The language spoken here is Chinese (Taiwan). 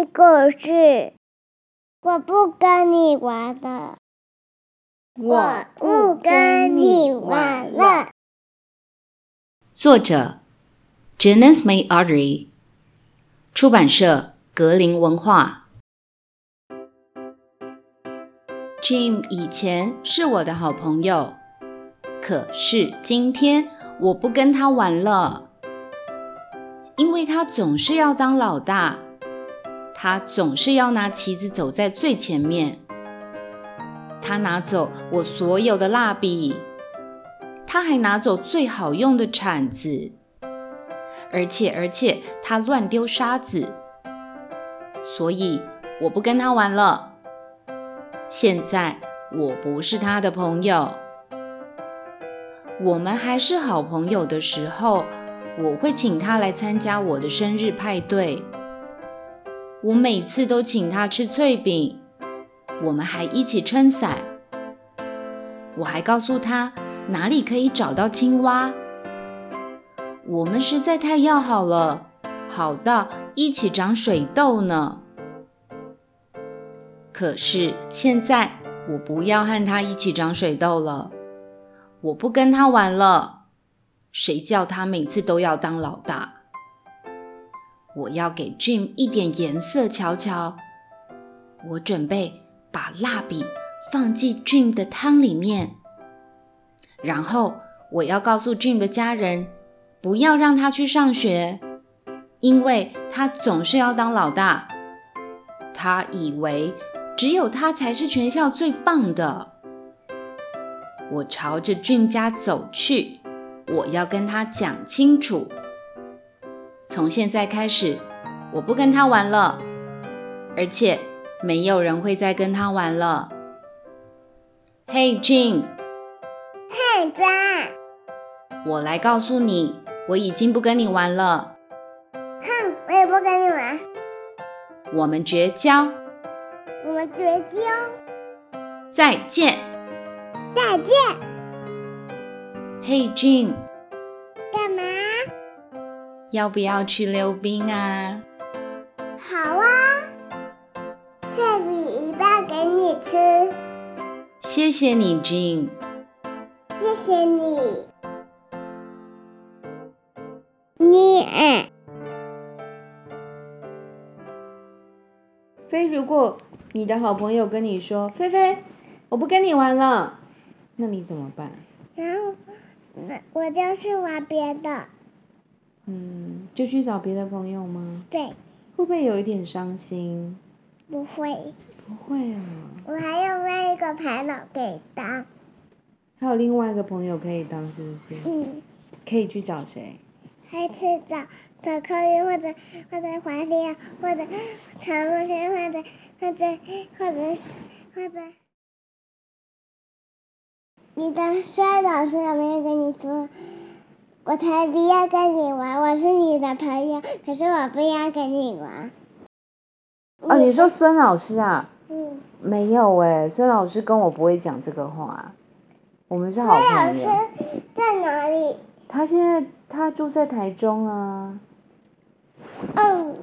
這個是我不跟你玩的，我不跟你玩了。作者：Janice May Udry，出版社：格林文化。Jim 以前是我的好朋友，可是今天我不跟他玩了，因為他總是要當老大。他總是要拿旗子，走在最前面。他拿走我所有的蠟筆，他還拿走最好用的鏟子，而且，而且他亂丟沙子，所以我不跟他玩了。現在我不是他的朋友。我們還是好朋友的時候，我會請他來參加我的生日派對。我每次都請他吃脆餅，我們還一起撐傘。我還告訴他哪裡可以找到青蛙。我們實在太要好了，好到一起長水痘呢。可是現在我不要和他一起長水痘了，我不跟他玩了。誰叫他每次都要當老大？我要給 Jim 一點顏色瞧瞧。我準備把蠟筆放進 Jim 的湯裡面，然後我要告訴 Jim 的家人，不要讓他去上學，因為他總是要當老大。他以為只有他才是全校最棒的。我朝着 Jim 家走去，我要跟他講清楚。從現在開始，我不跟他玩了，而且沒有人會再跟他玩了。Hey Jim，嘿，John，我來告訴你，我已經不跟你玩了。哼，我也不跟你玩，我們絕交，我們絕交，再見，再見。Hey Jim。要不要去溜冰啊？好啊，這裡一半給你吃。謝謝你，Jim。謝謝你。你菲、哎，如果你的好朋友跟你說：“菲菲，我不跟你玩了。”那你怎麼辦？然後，那我就去玩別的。嗯，就去找別的朋友嗎？對。不會，會不會有一點傷心？不會。不會啊。我還要賣一個牌了，給當。還有另外一個朋友可以當，是不是？嗯。可以去找誰？還是去找周柯宇，或者或者華帝啊，或者曹夢軒，或者或者或者或者，你的帥老師有沒有跟你說？我才不要跟你玩，我是你的朋友，可是我不要跟你玩。哦、啊，你說孫老師啊？嗯、沒有哎，孫老師跟我不會講這個話，我們是好朋友。孫老師在哪裡？他現在他住在台中啊。哦。